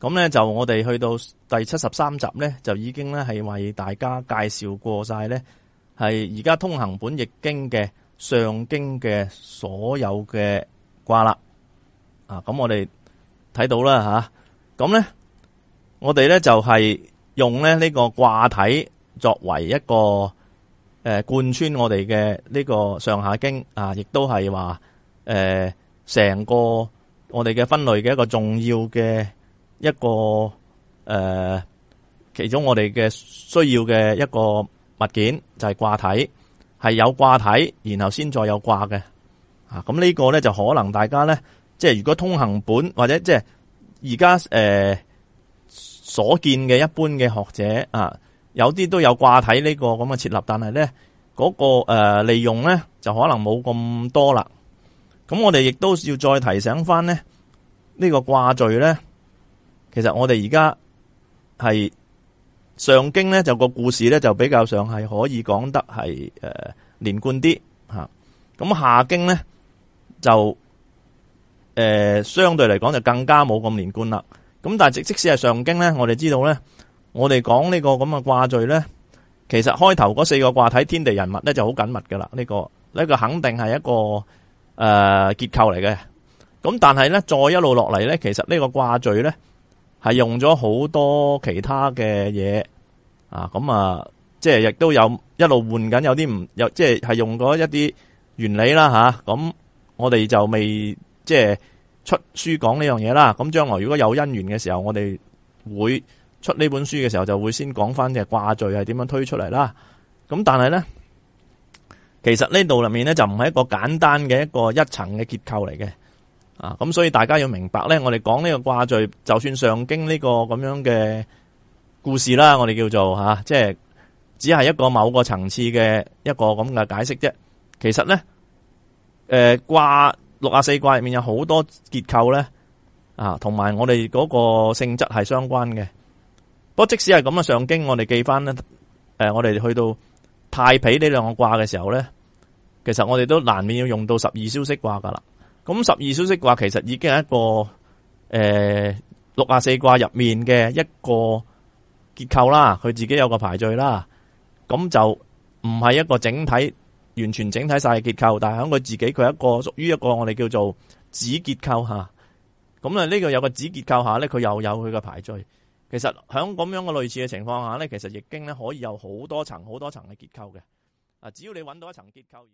咁咧就我哋去到第七十三集咧，就已經咧係為大家介紹過晒咧，係而家通行本《易經》嘅上經嘅所有嘅卦啦。啊，咁我哋睇到啦吓，咁咧我哋咧就係用咧呢個卦體作為一個誒貫穿我哋嘅呢個上下經啊，亦都係話誒成個我哋嘅分類嘅一個重要嘅。一個誒、呃，其中我哋嘅需要嘅一個物件就係、是、卦體，係有卦體然後先再有挂嘅，啊，咁、這個、呢個咧就可能大家咧，即係如果通行本或者即係而家誒所見嘅一般嘅學者啊，有啲都有卦體呢個咁嘅設立，但係咧嗰個誒、呃、利用咧就可能冇咁多啦。咁我哋亦都要再提醒翻咧呢、這個卦序咧。其實我哋而家係上經咧，就個故事咧就比較上係可以講得係誒、呃、連貫啲吓。咁、啊、下經咧就誒、呃、相對嚟講就更加冇咁連貫啦。咁但係即即使係上經咧，我哋知道咧，我哋講呢個咁嘅卦序咧，其實開頭嗰四個卦體天地人物咧就好緊密噶啦。呢、呢個呢、呢個肯定係一個誒、呃、結構嚟嘅。咁但係咧再一路落嚟咧，其實個掛呢個卦序咧。係用咗好多其他嘅嘢啊，咁啊，即係亦都有一路換緊，有啲唔，又即係係用咗一啲原理啦，吓、啊、咁、啊，我哋就未即係出書講呢樣嘢啦。咁、啊、將來如果有姻緣嘅時候，我哋會出呢本書嘅時候，就會先講翻嘅卦序係點樣推出嚟啦。咁、啊、但係咧，其實呢度裏面咧就唔係一個簡單嘅一個一層嘅結構嚟嘅。啊，咁所以大家要明白咧，我哋講呢個卦序，就算上經呢個咁樣嘅故事啦，我哋叫做吓，即、啊、係、就是、只係一個某個層次嘅一個咁嘅解釋啫。其實咧，誒卦六十四卦入面有好多結構咧，啊，同埋我哋嗰個性質係相關嘅。不過即使係咁嘅上經我、呃，我哋記翻咧，誒，我哋去到泰否呢兩個卦嘅時候咧，其實我哋都難免要用到十二消息卦噶啦。咁十二消息卦其實已經係一個誒六十四卦入面嘅一個結構啦，佢自己有個排序啦。咁就唔係一個整體，完全整體曬嘅結構。但係喺佢自己，佢一個屬於一個我哋叫做子結構吓。咁啊呢個有個子結構下咧，佢又有佢嘅排序。其實響咁樣嘅類似嘅情況下咧，其實易經咧可以有好多層好多層嘅結構嘅。啊，只要你揾到一層結構，